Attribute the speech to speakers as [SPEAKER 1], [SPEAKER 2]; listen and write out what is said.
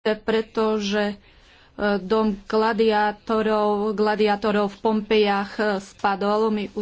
[SPEAKER 1] pretože e, dom gladiátorov, gladiátorov v Pompejach e, spadol. My